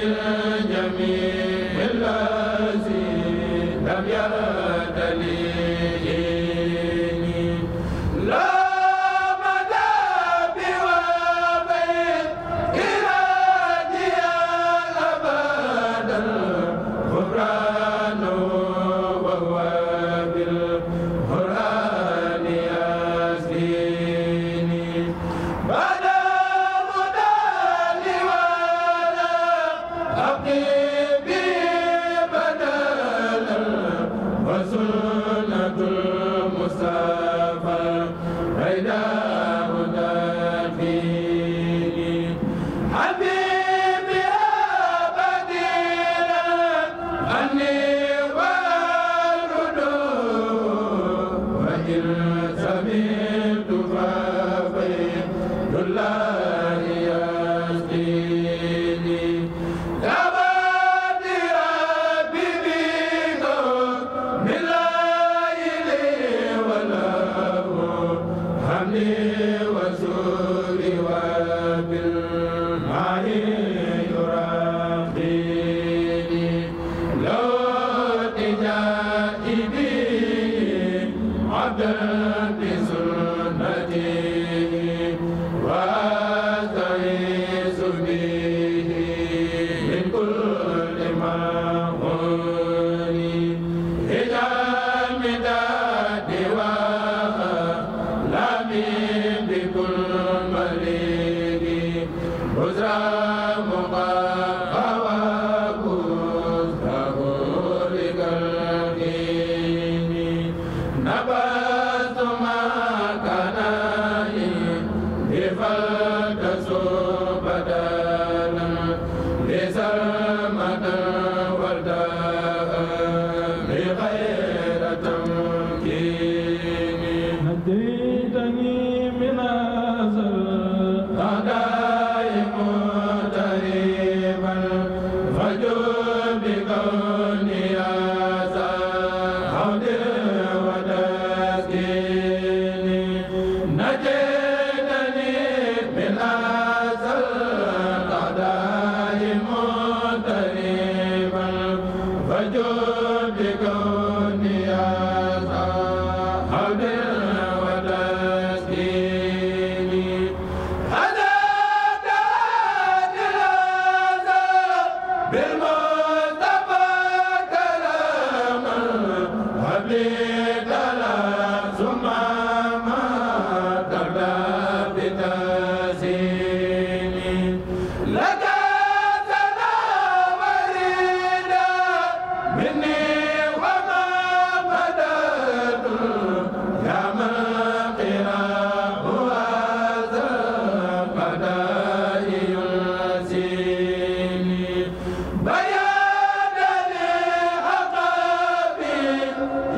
rabbil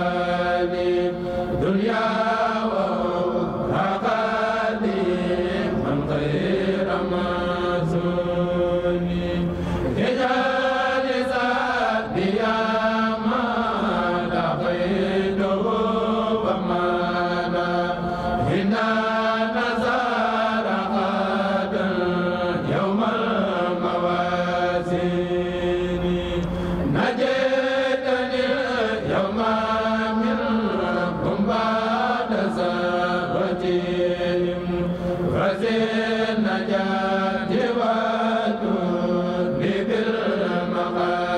a Muhammad